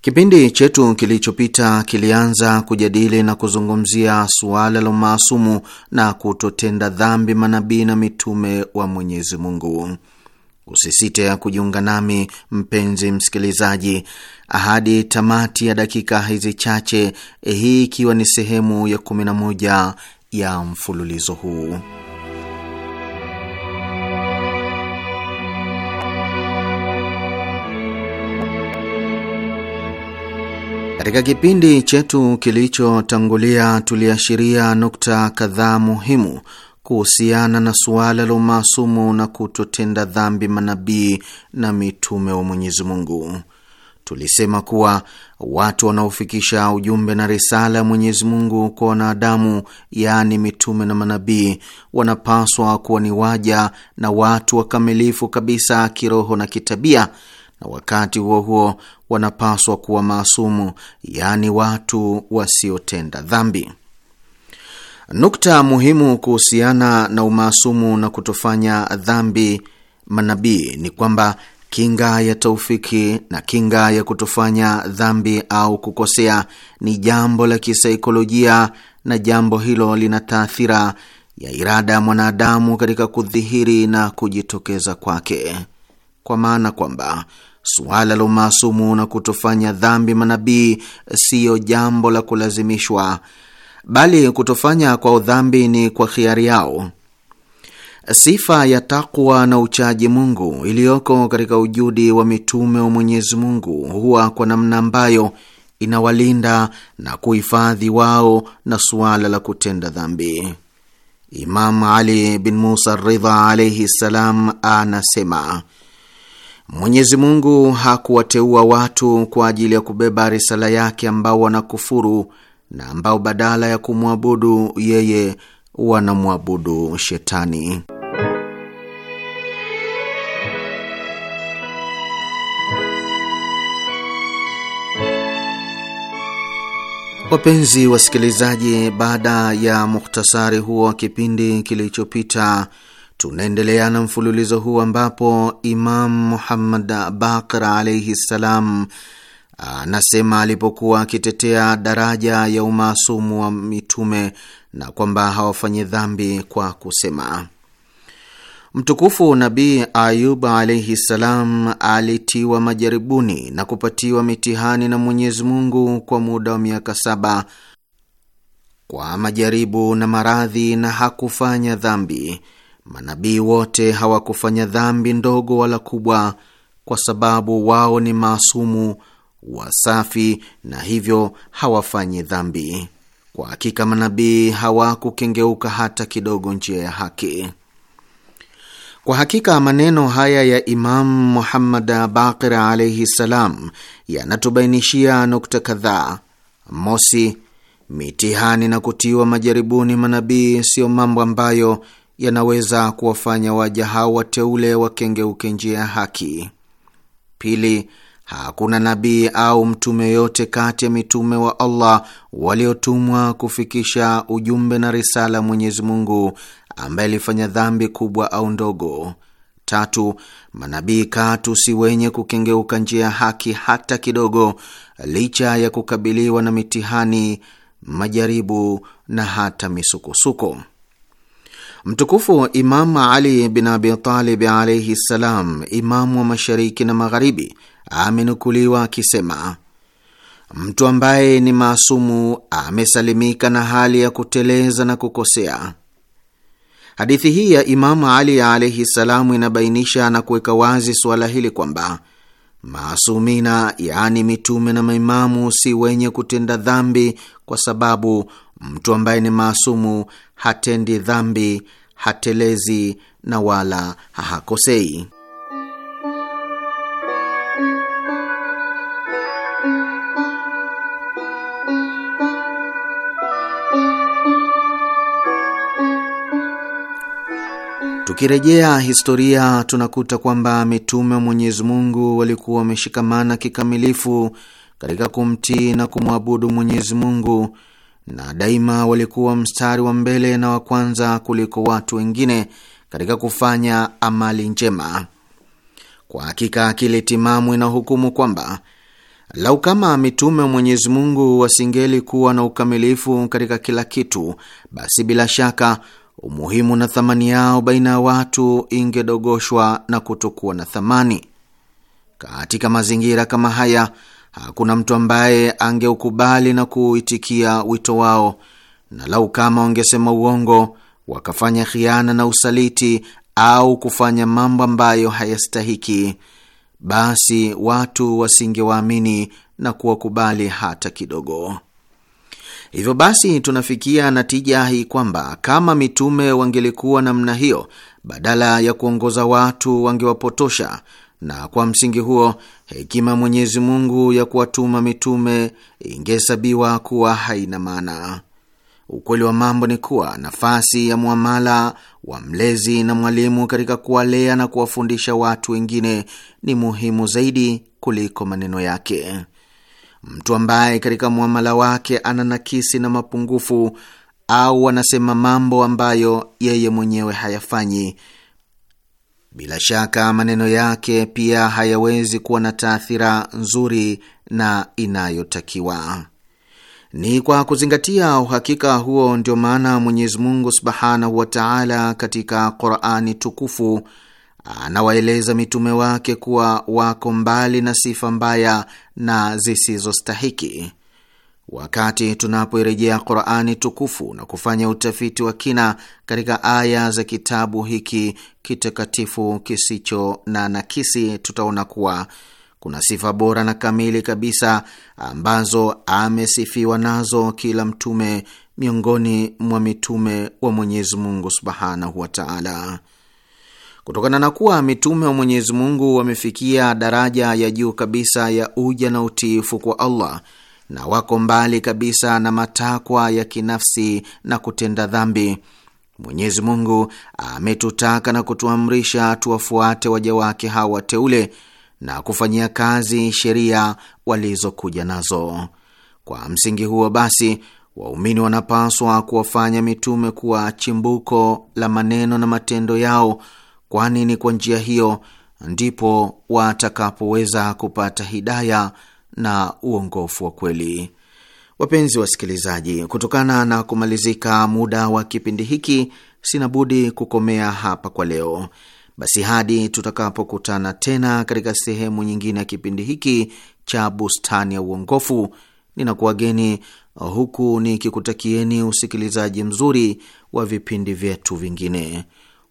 Kipindi chetu kilichopita kilianza kujadili na kuzungumzia suala la umaasumu na kutotenda dhambi manabii na mitume wa Mwenyezi Mungu. Usisite kujiunga nami mpenzi msikilizaji, hadi tamati ya dakika hizi chache, hii ikiwa ni sehemu ya moja ya mfululizo huu. Katika kipindi chetu kilichotangulia, tuliashiria nukta kadhaa muhimu kuhusiana na suala la umaasumu na kutotenda dhambi manabii na mitume wa Mwenyezi Mungu. Tulisema kuwa watu wanaofikisha ujumbe na risala ya Mwenyezi Mungu kwa wanadamu, yaani mitume na manabii, wanapaswa kuwa ni waja na watu wakamilifu kabisa kiroho na kitabia, na wakati huo huo wanapaswa kuwa maasumu, yaani watu wasiotenda dhambi. Nukta muhimu kuhusiana na umaasumu na kutofanya dhambi manabii ni kwamba Kinga ya taufiki na kinga ya kutofanya dhambi au kukosea ni jambo la kisaikolojia, na jambo hilo lina taathira ya irada ya mwanadamu katika kudhihiri na kujitokeza kwake, kwa maana kwamba suala la umaasumu na kutofanya dhambi manabii siyo jambo la kulazimishwa, bali kutofanya kwa udhambi ni kwa khiari yao. Sifa ya takwa na uchaji Mungu iliyoko katika ujudi wa mitume wa Mwenyezi Mungu huwa kwa namna ambayo inawalinda na kuhifadhi wao na suala la kutenda dhambi. Imam Ali bin Musa Ridha alaihi ssalam anasema Mwenyezi Mungu hakuwateua watu kwa ajili ya kubeba risala yake ambao wanakufuru na ambao badala ya kumwabudu yeye wanamwabudu shetani. Wapenzi wasikilizaji, baada ya muhtasari huo wa kipindi kilichopita, tunaendelea na mfululizo huu ambapo Imam Muhammad Baqir alaihi ssalam anasema alipokuwa akitetea daraja ya umaasumu wa mitume na kwamba hawafanyi dhambi kwa kusema Mtukufu Nabii Ayub alaihi ssalam alitiwa majaribuni na kupatiwa mitihani na Mwenyezi Mungu kwa muda wa miaka saba kwa majaribu na maradhi, na hakufanya dhambi. Manabii wote hawakufanya dhambi ndogo wala kubwa, kwa sababu wao ni maasumu wasafi, na hivyo hawafanyi dhambi. Kwa hakika manabii hawakukengeuka hata kidogo njia ya haki. Kwa hakika maneno haya ya Imamu Muhammad Baqir alaihi ssalam yanatubainishia nukta kadhaa. Mosi, mitihani na kutiwa majaribuni manabii siyo mambo ambayo yanaweza kuwafanya waja hao wateule wakengeuke njia ya haki. Pili, Hakuna nabii au mtume yote kati ya mitume wa Allah waliotumwa kufikisha ujumbe na risala Mwenyezi Mungu ambaye alifanya dhambi kubwa au ndogo. Tatu, manabii katu si wenye kukengeuka njia ya haki hata kidogo, licha ya kukabiliwa na mitihani, majaribu na hata misukosuko. Mtukufu Imam Ali bin Abi Talib alaihi ssalam, imamu wa mashariki na magharibi amenukuliwa akisema, mtu ambaye ni maasumu amesalimika na hali ya kuteleza na kukosea. Hadithi hii ya Imamu Ali alaihi salamu inabainisha na kuweka wazi suala hili kwamba maasumina, yaani mitume na maimamu, si wenye kutenda dhambi, kwa sababu mtu ambaye ni maasumu hatendi dhambi, hatelezi na wala hakosei. Tukirejea historia, tunakuta kwamba mitume wa Mwenyezi Mungu walikuwa wameshikamana kikamilifu katika kumtii na kumwabudu Mwenyezi Mungu, na daima walikuwa mstari wa mbele na wa kwanza kuliko watu wengine katika kufanya amali njema. Kwa hakika akili timamu inahukumu kwamba lau kama mitume wa Mwenyezi Mungu wasingeli kuwa na ukamilifu katika kila kitu, basi bila shaka umuhimu na thamani yao baina ya watu ingedogoshwa na kutokuwa na thamani. Katika mazingira kama haya, hakuna mtu ambaye angeukubali na kuuitikia wito wao, na lau kama wangesema uongo, wakafanya khiana na usaliti au kufanya mambo ambayo hayastahiki, basi watu wasingewaamini na kuwakubali hata kidogo. Hivyo basi tunafikia natija hii kwamba kama mitume wangelikuwa namna hiyo, badala ya kuongoza watu wangewapotosha, na kwa msingi huo hekima Mwenyezi Mungu ya kuwatuma mitume ingehesabiwa kuwa haina maana. Ukweli wa mambo ni kuwa nafasi ya mwamala wa mlezi na mwalimu katika kuwalea na kuwafundisha watu wengine ni muhimu zaidi kuliko maneno yake. Mtu ambaye katika mwamala wake ana nakisi na mapungufu au anasema mambo ambayo yeye mwenyewe hayafanyi, bila shaka maneno yake pia hayawezi kuwa na taathira nzuri na inayotakiwa. Ni kwa kuzingatia uhakika huo ndio maana Mwenyezi Mungu subhanahu wa taala katika Qurani tukufu anawaeleza mitume wake kuwa wako mbali na sifa mbaya na zisizostahiki. Wakati tunapoirejea Qurani tukufu na kufanya utafiti wa kina katika aya za kitabu hiki kitakatifu kisicho na nakisi, tutaona kuwa kuna sifa bora na kamili kabisa ambazo amesifiwa nazo kila mtume miongoni mwa mitume wa Mwenyezi Mungu subhanahu wa taala kutokana na kuwa mitume wa Mwenyezi Mungu wamefikia daraja ya juu kabisa ya uja na utiifu kwa Allah na wako mbali kabisa na matakwa ya kinafsi na kutenda dhambi. Mwenyezi Mungu ametutaka na kutuamrisha tuwafuate waja wake hawa wateule na kufanyia kazi sheria walizokuja nazo. Kwa msingi huo basi, waumini wanapaswa kuwafanya mitume kuwa chimbuko la maneno na matendo yao kwani ni kwa njia hiyo ndipo watakapoweza kupata hidaya na uongofu wa kweli. Wapenzi wasikilizaji, kutokana na kumalizika muda wa kipindi hiki, sina budi kukomea hapa kwa leo. Basi hadi tutakapokutana tena katika sehemu nyingine ya kipindi hiki cha Bustani ya Uongofu, ninakuwageni huku nikikutakieni usikilizaji mzuri wa vipindi vyetu vingine.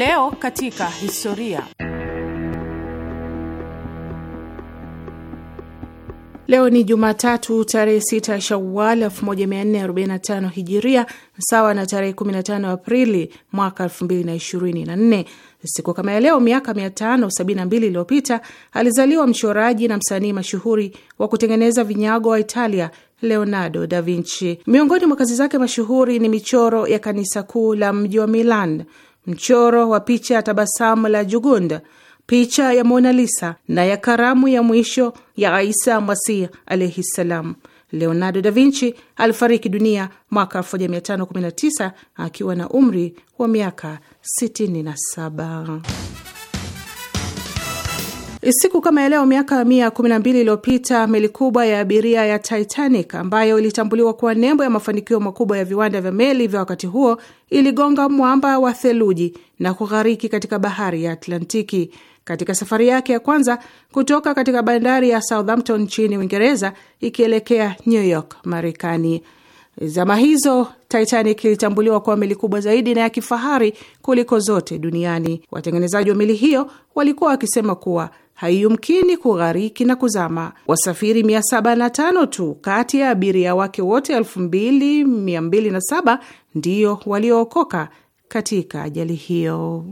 Leo katika historia. Leo ni Jumatatu tarehe 6 Shawal 1445 Hijiria, sawa na tarehe 15 Aprili mwaka 2024. Siku kama ya leo miaka 572 iliyopita alizaliwa mchoraji na msanii mashuhuri wa kutengeneza vinyago wa Italia, Leonardo da Vinci. Miongoni mwa kazi zake mashuhuri ni michoro ya kanisa kuu la mji wa Milan, mchoro wa picha ya tabasamu la Jugunda, picha ya Mona Lisa na ya karamu ya mwisho ya Isa Masih alaihi ssalam. Leonardo da Vinci alifariki dunia mwaka 1519 akiwa na umri wa miaka 67. Siku kama leo miaka mia kumi na mbili iliyopita meli kubwa ya abiria ya Titanic ambayo ilitambuliwa kuwa nembo ya mafanikio makubwa ya viwanda vya meli vya wakati huo iligonga mwamba wa theluji na kughariki katika bahari ya Atlantiki. Katika safari yake ya kwanza kutoka katika bandari ya Southampton nchini Uingereza ikielekea New York, Marekani. Zama hizo Titanic ilitambuliwa kuwa meli kubwa zaidi na ya kifahari kuliko zote duniani. Watengenezaji wa meli hiyo walikuwa wakisema kuwa haiyumkini kughariki na kuzama. Wasafiri 705 tu kati ya abiria wake wote 2207 ndiyo waliookoka katika ajali hiyo.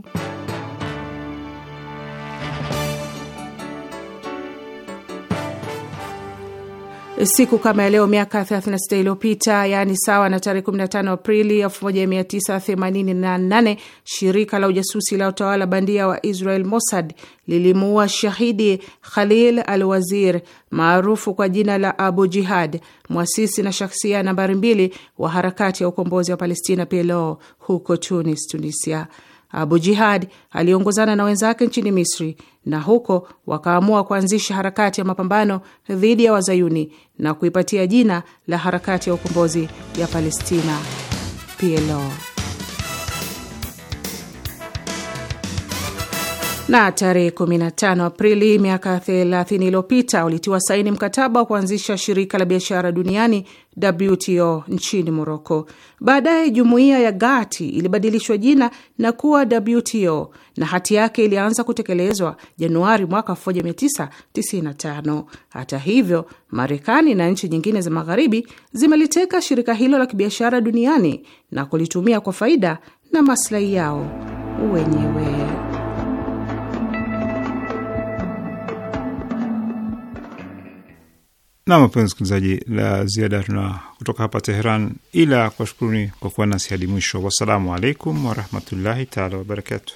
siku kama leo miaka 36 iliyopita, yaani sawa na tarehe 15 Aprili 1988, shirika la ujasusi la utawala bandia wa Israel Mossad lilimuua shahidi Khalil al-Wazir maarufu kwa jina la Abu Jihad, mwasisi na shaksia nambari mbili wa harakati ya ukombozi wa Palestina PLO huko Tunis, Tunisia. Abu Jihad aliongozana na wenzake nchini Misri na huko wakaamua kuanzisha harakati ya mapambano dhidi ya wazayuni na kuipatia jina la harakati ya ukombozi ya Palestina PLO. Na tarehe 15 Aprili miaka 30 iliyopita ulitiwa saini mkataba wa kuanzisha shirika la biashara duniani WTO nchini Moroko. Baadaye jumuiya ya Gati ilibadilishwa jina na kuwa WTO na hati yake ilianza kutekelezwa Januari mwaka 1995. Hata hivyo, Marekani na nchi nyingine za Magharibi zimeliteka shirika hilo la kibiashara duniani na kulitumia kwa faida na maslahi yao wenyewe. Na mapenzi msikilizaji, la ziada tuna kutoka hapa Teheran, ila shukuruni kwa kuwa nasi hadi mwisho. Wassalamu alaikum warahmatullahi taala wabarakatuh